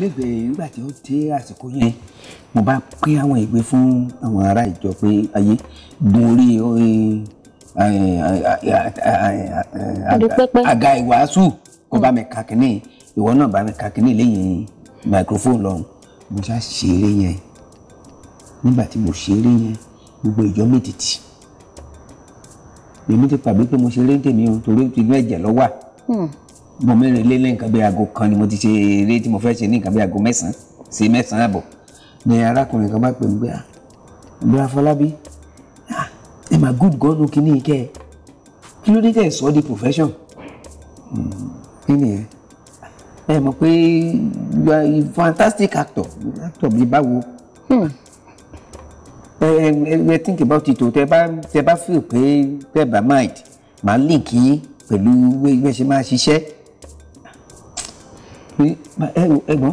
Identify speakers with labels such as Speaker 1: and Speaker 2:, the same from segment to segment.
Speaker 1: lẹ́gbẹ̀ẹ́ nígbà tí ó dé àsìkò yẹn mo bá pín àwọn ìwé fún àwọn ará ìjọ pé ayé gun orí àga ìwàásù kó bá mi ka kínní ìwọ náà bá mi ka kínní lẹ́yìn microphone lọ́hùn mo ṣá ṣeré yẹn nígbà tí mo ṣeré yẹn gbogbo ìjọ méjèèjì èmi ti pàbí pé mo ṣeré ń tèmi o torí ti ní lọ́wọ́ à bò mẹ́rin lé lẹ́yìn nǹkan bí aago kan ni mo ti ṣe eré tí mo fẹ́ ṣe ní nǹkan bí aago mẹ́sàn-án sí mẹ́sàn-án àbọ̀ ni arákùnrin kan bá pè mí pé ah ìlú Afọlábí ah ẹ mà good gan nu kínní kẹ kí ló dé tẹ̀ sọ di profession hmm, kí nìyẹn ẹ mọ̀ pé you are a fantastic actor actor bíi báwo hmm. ẹ ẹ ẹ think about it o tẹ bá tẹ bá feel pé tẹ bá mind màá link yín pẹ̀lú bí ẹ ṣe máa ṣiṣẹ́ pé ẹ̀gbọ́n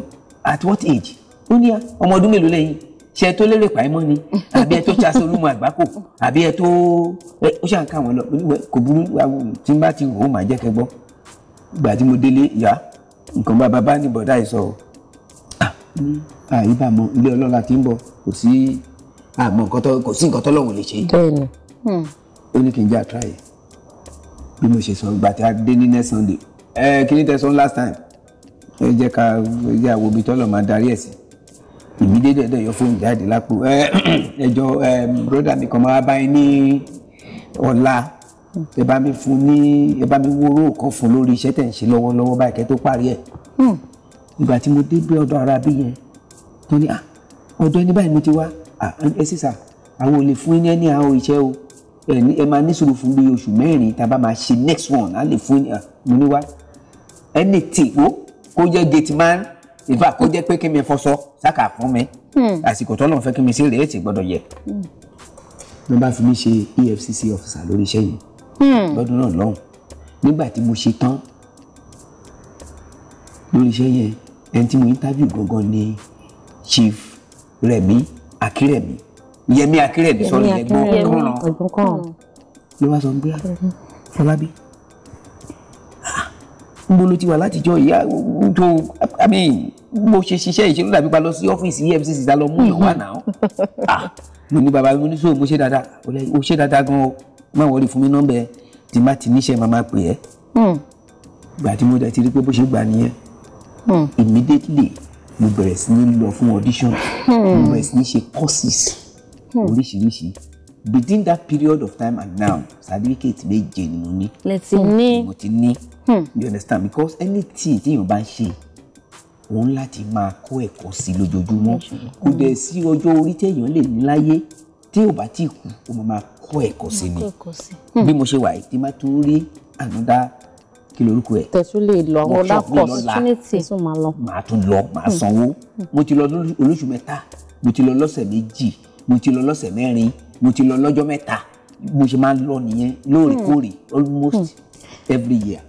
Speaker 1: at what age ó ní ọmọ ọdún mélòó lẹ́yìn ṣe tó lérè pàímọ́ ni àbí ẹ tó ṣaṣọ olúmọ àgbákò àbí ẹ tó ó ṣàn ká wọn lọ oníwẹ̀ kò burú tí n bá ti wò ó màá jẹ́ kẹgbọ́ ìgbà tí mo délé ìyá nǹkan bá bàbá ní bọ̀dá yìí sọ ọ́ àyíbàmọ́ ilé ọlọ́lá ti ń bọ̀ kò sí àmọ́ kò sí nǹkan tọ́lọ́hún lè ṣe hmm. ó ní kí n jẹ́ àtúráyè bí mo ṣe sọ ìgbà tí a dé ní next Sunday ẹ kí ni tẹ sọ last time ẹ jẹ́ ká jẹ́ àwòbí tọ́lọ̀ máa darí ẹ̀ sí ìbí dédé yọ fóònù jáde lápò ẹjọ́ broda mi kan máa bá yín ní ọ̀la ẹ bá mi fún ní ẹ bá mi wóró kan fún lórí iṣẹ́ tẹ̀ ń ṣe lọ́wọ́lọ́wọ́ báyìí kẹ́ tó parí ẹ̀ hmm. ìgbà tí mo dé bí ọ̀dọ̀ ara bí yẹn tó ní ọ̀dọ̀ ẹni báyìí mo ti wá ẹ sísà àwọn ò lè fún yín ní àwọn iṣẹ́ o ẹ máa ní sùúrù fún bí oṣù mẹ́rin tá a bá máa ṣe next one á lè fún mo ní wá ẹni tì kó jẹ́ gate man ìfà kó jẹ́ pé kí mi fọṣọ sáka fún mi hmm. àsìkò tọ́lọ̀ fẹ́ kí mi sí rèé tí gbọ́dọ̀ yẹ. Hmm. ló bá fi mí ṣe EFCC officer lórí iṣẹ́ yìí hmm. lọ́dún náà lọ́hùn nígbà tí mo ṣe tán lórí iṣẹ́ yẹn ẹni tí mo interview gangan ni Chief Rẹ̀mí Akírẹ̀mí Yẹmí Akírẹ̀mí sọ̀rọ̀ yẹn gbọ́n kàn ló wá sọ pé ah, Fọlábí níbo ló ti wà látijọ́ ìyá tó àbí mo ṣe ṣiṣẹ́ ìṣèlú dàbí pa lọ sí ọ́fíìsì EFCC ta lọ mú yàn wà náà ah mo ní bàbá mi ní sóò mo ṣe dáadáa o ṣe dáadáa gan o má wọlé fún mi nọ́mbẹ tí má ti níṣẹ́ màmá pè ẹ́ hmm. gbà tí mo dẹ̀ ti rí pé bó ṣe gbà nìyẹn hmm. immediately mo bẹ̀rẹ̀ sí ní lọ fún audition mo hmm. bẹ̀rẹ̀ sí ní ṣe courses oríṣiríṣi between that period of time and now certificate méje ni mo ní. lè ní mo ti ní hmm. you understand because anything tí èèyàn bá ń ṣe òun láti máa kó ẹ̀kọ́ sí lójoojúmọ́ kò dẹ̀ sí ọjọ́ orí téèyàn lè ní láyé tí ò bá tí kú ó máa kó ẹ̀kọ́ sí ni bí hmm. mo ṣe wà yìí tí máa tún rí ànúdá kí lorúkọ ẹ̀. tẹ̀sùn lè lọ ọ̀la opportunity tún máa lọ. màá tún lọ màá hmm. sanwó mo ti lọ olóṣù mẹ́ta mo ti lọ lọ́sẹ̀ méjì mo ti lọ lọ́sẹ̀ mẹ́rin mo ti lọ lọ́jọ́ mẹ́ta mo ṣe máa ń lọ nìyẹn lóòrèkóòrè hmm. almost hmm. every year.